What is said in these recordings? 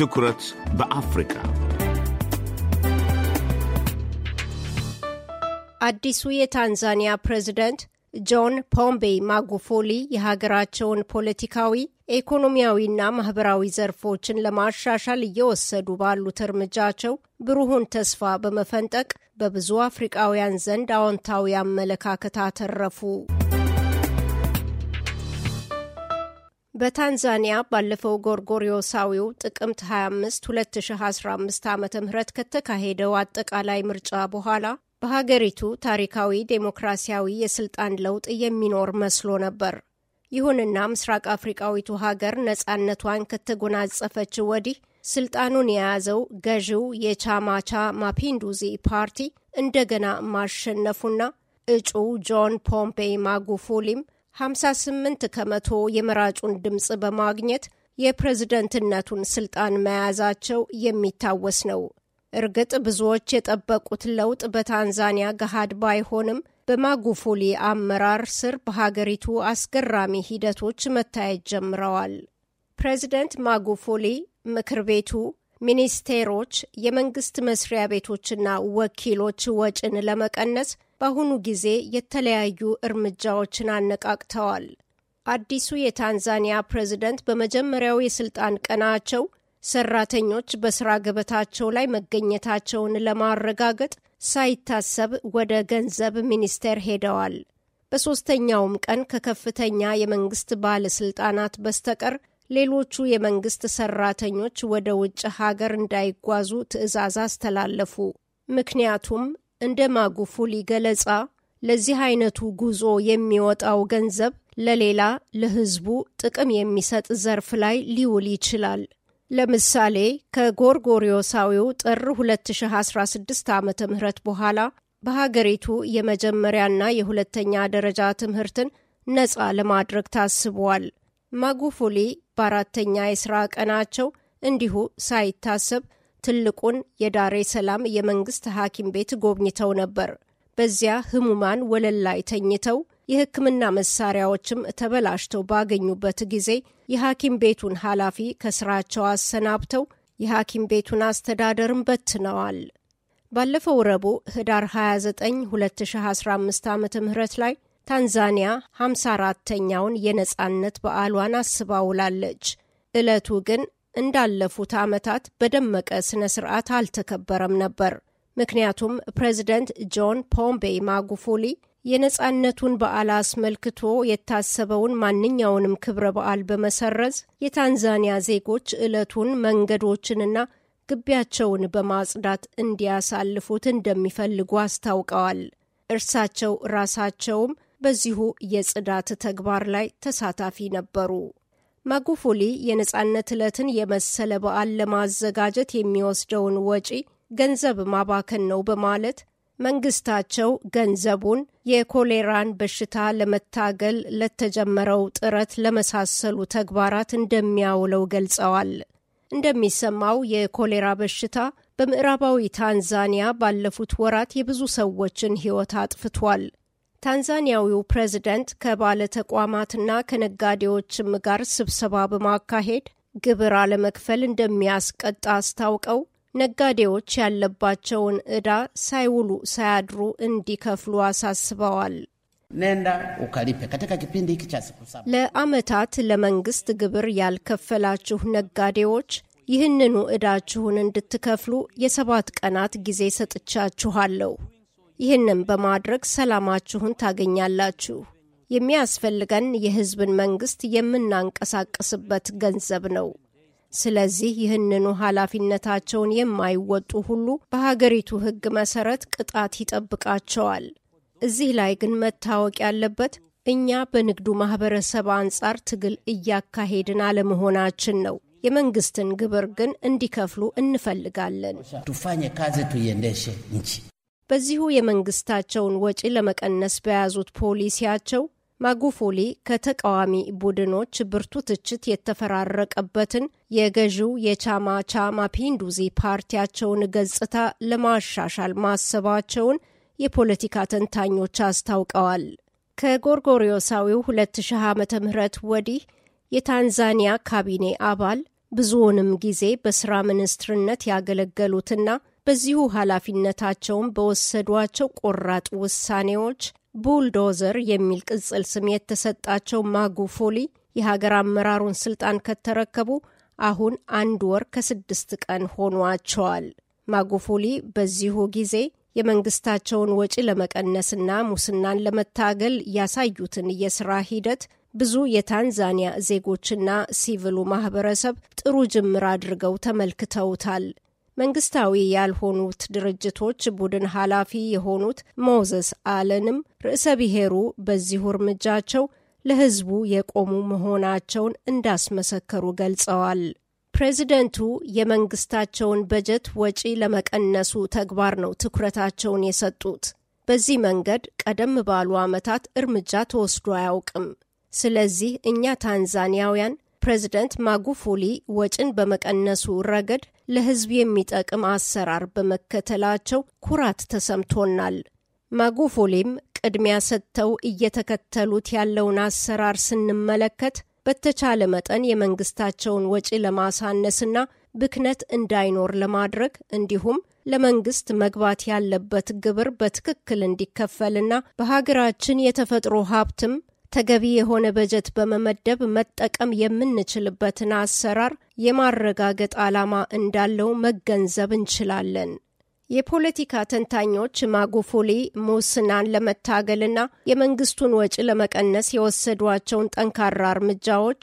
ትኩረት በአፍሪካ አዲሱ የታንዛኒያ ፕሬዝደንት ጆን ፖምቤ ማጉፎሊ የሀገራቸውን ፖለቲካዊ ኢኮኖሚያዊና ማህበራዊ ዘርፎችን ለማሻሻል እየወሰዱ ባሉት እርምጃቸው ብሩሁን ተስፋ በመፈንጠቅ በብዙ አፍሪቃውያን ዘንድ አዎንታዊ አመለካከት አተረፉ። በታንዛኒያ ባለፈው ጎርጎሪዮሳዊው ጥቅምት 25 2015 ዓ ም ከተካሄደው አጠቃላይ ምርጫ በኋላ በሀገሪቱ ታሪካዊ ዴሞክራሲያዊ የስልጣን ለውጥ የሚኖር መስሎ ነበር። ይሁንና ምስራቅ አፍሪቃዊቱ ሀገር ነፃነቷን ከተጎናጸፈች ወዲህ ስልጣኑን የያዘው ገዢው የቻማቻ ማፒንዱዚ ፓርቲ እንደገና ማሸነፉና እጩ ጆን ፖምፔይ ማጉፉሊም 58 ከመቶ የመራጩን ድምፅ በማግኘት የፕሬዝደንትነቱን ስልጣን መያዛቸው የሚታወስ ነው። እርግጥ ብዙዎች የጠበቁት ለውጥ በታንዛኒያ ገሃድ ባይሆንም በማጉፉሊ አመራር ስር በሀገሪቱ አስገራሚ ሂደቶች መታየት ጀምረዋል። ፕሬዝደንት ማጉፉሊ ምክር ቤቱ፣ ሚኒስቴሮች፣ የመንግስት መስሪያ ቤቶችና ወኪሎች ወጪን ለመቀነስ በአሁኑ ጊዜ የተለያዩ እርምጃዎችን አነቃቅተዋል። አዲሱ የታንዛኒያ ፕሬዝደንት በመጀመሪያው የስልጣን ቀናቸው ሰራተኞች በስራ ገበታቸው ላይ መገኘታቸውን ለማረጋገጥ ሳይታሰብ ወደ ገንዘብ ሚኒስቴር ሄደዋል። በሦስተኛውም ቀን ከከፍተኛ የመንግስት ባለስልጣናት በስተቀር ሌሎቹ የመንግስት ሰራተኞች ወደ ውጭ ሀገር እንዳይጓዙ ትዕዛዝ አስተላለፉ። ምክንያቱም እንደ ማጉፉሊ ገለጻ ለዚህ አይነቱ ጉዞ የሚወጣው ገንዘብ ለሌላ ለህዝቡ ጥቅም የሚሰጥ ዘርፍ ላይ ሊውል ይችላል። ለምሳሌ ከጎርጎሪዮሳዊው ጥር 2016 ዓ ም በኋላ በሀገሪቱ የመጀመሪያና የሁለተኛ ደረጃ ትምህርትን ነፃ ለማድረግ ታስቧል። ማጉፉሊ በአራተኛ የሥራ ቀናቸው እንዲሁ ሳይታሰብ ትልቁን የዳሬ ሰላም የመንግስት ሐኪም ቤት ጎብኝተው ነበር። በዚያ ህሙማን ወለል ላይ ተኝተው የህክምና መሳሪያዎችም ተበላሽተው ባገኙበት ጊዜ የሐኪም ቤቱን ኃላፊ ከስራቸው አሰናብተው የሐኪም ቤቱን አስተዳደርም በትነዋል። ባለፈው ረቡዕ ህዳር 29 2015 ዓ ም ላይ ታንዛኒያ 54ተኛውን የነፃነት በዓሏን አስባውላለች። ዕለቱ ግን እንዳለፉት ዓመታት በደመቀ ስነ ስርዓት አልተከበረም ነበር። ምክንያቱም ፕሬዚደንት ጆን ፖምቤይ ማጉፉሊ የነፃነቱን በዓል አስመልክቶ የታሰበውን ማንኛውንም ክብረ በዓል በመሰረዝ የታንዛኒያ ዜጎች ዕለቱን መንገዶችንና ግቢያቸውን በማጽዳት እንዲያሳልፉት እንደሚፈልጉ አስታውቀዋል። እርሳቸው ራሳቸውም በዚሁ የጽዳት ተግባር ላይ ተሳታፊ ነበሩ። ማጉፉሊ የነጻነት ዕለትን የመሰለ በዓል ለማዘጋጀት የሚወስደውን ወጪ ገንዘብ ማባከን ነው በማለት መንግስታቸው ገንዘቡን የኮሌራን በሽታ ለመታገል ለተጀመረው ጥረት ለመሳሰሉ ተግባራት እንደሚያውለው ገልጸዋል። እንደሚሰማው የኮሌራ በሽታ በምዕራባዊ ታንዛኒያ ባለፉት ወራት የብዙ ሰዎችን ሕይወት አጥፍቷል። ታንዛኒያዊው ፕሬዝደንት ከባለ ተቋማትና ከነጋዴዎችም ጋር ስብሰባ በማካሄድ ግብር አለመክፈል እንደሚያስቀጣ አስታውቀው ነጋዴዎች ያለባቸውን ዕዳ ሳይውሉ ሳያድሩ እንዲከፍሉ አሳስበዋል። ለአመታት ለመንግስት ግብር ያልከፈላችሁ ነጋዴዎች ይህንኑ ዕዳችሁን እንድትከፍሉ የሰባት ቀናት ጊዜ ሰጥቻችኋለሁ። ይህንን በማድረግ ሰላማችሁን ታገኛላችሁ። የሚያስፈልገን የህዝብን መንግስት የምናንቀሳቀስበት ገንዘብ ነው። ስለዚህ ይህንኑ ኃላፊነታቸውን የማይወጡ ሁሉ በሀገሪቱ ህግ መሰረት ቅጣት ይጠብቃቸዋል። እዚህ ላይ ግን መታወቅ ያለበት እኛ በንግዱ ማህበረሰብ አንጻር ትግል እያካሄድን አለመሆናችን ነው። የመንግስትን ግብር ግን እንዲከፍሉ እንፈልጋለን። በዚሁ የመንግስታቸውን ወጪ ለመቀነስ በያዙት ፖሊሲያቸው ማጉፎሊ ከተቃዋሚ ቡድኖች ብርቱ ትችት የተፈራረቀበትን የገዢው የቻማ ቻማ ማፒንዱዚ ፓርቲያቸውን ገጽታ ለማሻሻል ማሰባቸውን የፖለቲካ ተንታኞች አስታውቀዋል። ከጎርጎሪዮሳዊው 2000 ዓ ም ወዲህ የታንዛኒያ ካቢኔ አባል ብዙውንም ጊዜ በሥራ ሚኒስትርነት ያገለገሉትና በዚሁ ኃላፊነታቸውን በወሰዷቸው ቆራጥ ውሳኔዎች ቡልዶዘር የሚል ቅጽል ስም የተሰጣቸው ማጉፎሊ የሀገር አመራሩን ስልጣን ከተረከቡ አሁን አንድ ወር ከስድስት ቀን ሆኗቸዋል። ማጉፎሊ በዚሁ ጊዜ የመንግስታቸውን ወጪ ለመቀነስና ሙስናን ለመታገል ያሳዩትን የስራ ሂደት ብዙ የታንዛኒያ ዜጎችና ሲቪሉ ማህበረሰብ ጥሩ ጅምር አድርገው ተመልክተውታል። መንግስታዊ ያልሆኑት ድርጅቶች ቡድን ኃላፊ የሆኑት ሞዘስ አለንም ርዕሰ ብሔሩ በዚሁ እርምጃቸው ለሕዝቡ የቆሙ መሆናቸውን እንዳስመሰከሩ ገልጸዋል። ፕሬዚደንቱ የመንግስታቸውን በጀት ወጪ ለመቀነሱ ተግባር ነው ትኩረታቸውን የሰጡት። በዚህ መንገድ ቀደም ባሉ ዓመታት እርምጃ ተወስዶ አያውቅም። ስለዚህ እኛ ታንዛኒያውያን ፕሬዚደንት ማጉፉሊ ወጪን በመቀነሱ ረገድ ለሕዝብ የሚጠቅም አሰራር በመከተላቸው ኩራት ተሰምቶናል። ማጉፉሊም ቅድሚያ ሰጥተው እየተከተሉት ያለውን አሰራር ስንመለከት በተቻለ መጠን የመንግስታቸውን ወጪ ለማሳነስና ብክነት እንዳይኖር ለማድረግ እንዲሁም ለመንግስት መግባት ያለበት ግብር በትክክል እንዲከፈልና በሀገራችን የተፈጥሮ ሀብትም ተገቢ የሆነ በጀት በመመደብ መጠቀም የምንችልበትን አሰራር የማረጋገጥ ዓላማ እንዳለው መገንዘብ እንችላለን። የፖለቲካ ተንታኞች ማጉፉሊ ሙስናን ለመታገልና የመንግስቱን ወጪ ለመቀነስ የወሰዷቸውን ጠንካራ እርምጃዎች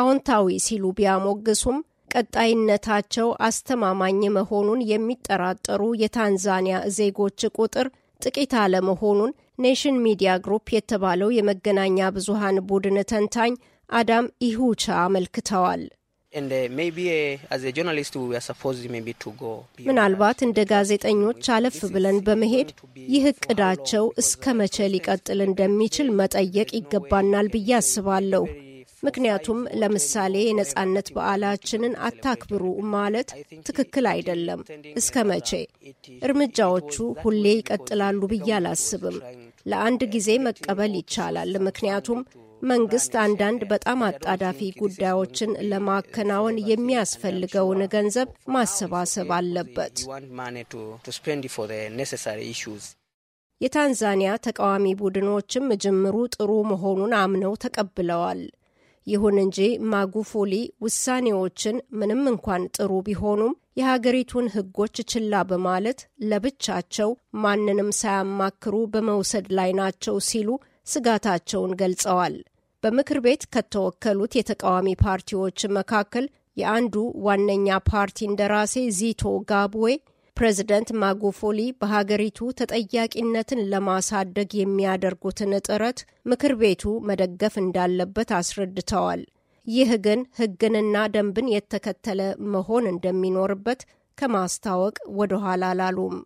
አዎንታዊ ሲሉ ቢያሞግሱም ቀጣይነታቸው አስተማማኝ መሆኑን የሚጠራጠሩ የታንዛኒያ ዜጎች ቁጥር ጥቂት አለመሆኑን ኔሽን ሚዲያ ግሩፕ የተባለው የመገናኛ ብዙሃን ቡድን ተንታኝ አዳም ኢሁቻ አመልክተዋል። uh, uh, ምናልባት እንደ ጋዜጠኞች አለፍ ብለን በመሄድ ይህ እቅዳቸው እስከ መቼ ሊቀጥል እንደሚችል መጠየቅ ይገባናል ብዬ አስባለሁ። ምክንያቱም ለምሳሌ የነጻነት በዓላችንን አታክብሩ ማለት ትክክል አይደለም። እስከ መቼ? እርምጃዎቹ ሁሌ ይቀጥላሉ ብዬ አላስብም። ለአንድ ጊዜ መቀበል ይቻላል፣ ምክንያቱም መንግስት አንዳንድ በጣም አጣዳፊ ጉዳዮችን ለማከናወን የሚያስፈልገውን ገንዘብ ማሰባሰብ አለበት። የታንዛኒያ ተቃዋሚ ቡድኖችም ጅምሩ ጥሩ መሆኑን አምነው ተቀብለዋል። ይሁን እንጂ ማጉፉሊ ውሳኔዎችን ምንም እንኳን ጥሩ ቢሆኑም የሀገሪቱን ሕጎች ችላ በማለት ለብቻቸው ማንንም ሳያማክሩ በመውሰድ ላይ ናቸው ሲሉ ስጋታቸውን ገልጸዋል። በምክር ቤት ከተወከሉት የተቃዋሚ ፓርቲዎች መካከል የአንዱ ዋነኛ ፓርቲ እንደራሴ ዚቶ ጋብዌ ፕሬዝደንት ማጎፎሊ በሀገሪቱ ተጠያቂነትን ለማሳደግ የሚያደርጉትን ጥረት ምክር ቤቱ መደገፍ እንዳለበት አስረድተዋል። ይህ ግን ሕግንና ደንብን የተከተለ መሆን እንደሚኖርበት ከማስታወቅ ወደኋላ አላሉም።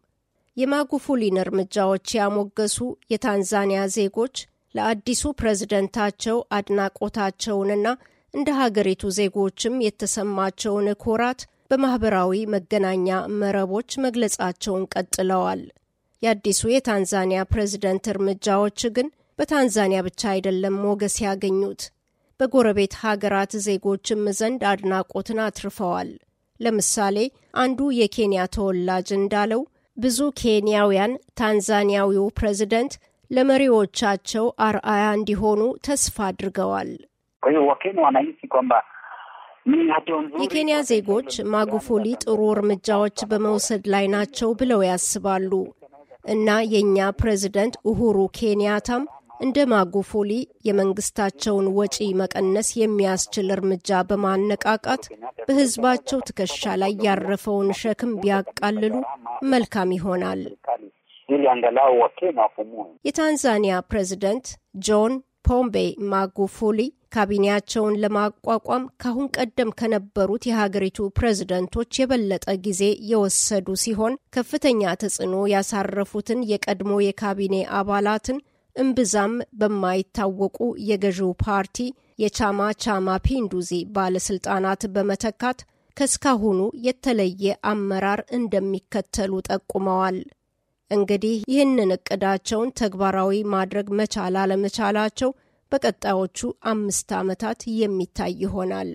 የማጉፉሊን እርምጃዎች ያሞገሱ የታንዛኒያ ዜጎች ለአዲሱ ፕሬዝደንታቸው አድናቆታቸውንና እንደ ሀገሪቱ ዜጎችም የተሰማቸውን ኩራት በማህበራዊ መገናኛ መረቦች መግለጻቸውን ቀጥለዋል። የአዲሱ የታንዛኒያ ፕሬዝደንት እርምጃዎች ግን በታንዛኒያ ብቻ አይደለም ሞገስ ያገኙት፣ በጎረቤት ሀገራት ዜጎችም ዘንድ አድናቆትን አትርፈዋል። ለምሳሌ አንዱ የኬንያ ተወላጅ እንዳለው ብዙ ኬንያውያን ታንዛኒያዊው ፕሬዝደንት ለመሪዎቻቸው አርአያ እንዲሆኑ ተስፋ አድርገዋል። የኬንያ ዜጎች ማጉፉሊ ጥሩ እርምጃዎች በመውሰድ ላይ ናቸው ብለው ያስባሉ እና የእኛ ፕሬዚደንት ኡሁሩ ኬንያታም እንደ ማጉፉሊ የመንግስታቸውን ወጪ መቀነስ የሚያስችል እርምጃ በማነቃቃት በህዝባቸው ትከሻ ላይ ያረፈውን ሸክም ቢያቃልሉ መልካም ይሆናል። የታንዛኒያ ፕሬዚደንት ጆን ፖምቤ ማጉፉሊ ካቢኔያቸውን ለማቋቋም ካሁን ቀደም ከነበሩት የሀገሪቱ ፕሬዝደንቶች የበለጠ ጊዜ የወሰዱ ሲሆን ከፍተኛ ተጽዕኖ ያሳረፉትን የቀድሞ የካቢኔ አባላትን እምብዛም በማይታወቁ የገዢው ፓርቲ የቻማ ቻማ ፒንዱዚ ባለስልጣናት በመተካት ከእስካሁኑ የተለየ አመራር እንደሚከተሉ ጠቁመዋል። እንግዲህ ይህንን እቅዳቸውን ተግባራዊ ማድረግ መቻል አለመቻላቸው በቀጣዮቹ አምስት ዓመታት የሚታይ ይሆናል።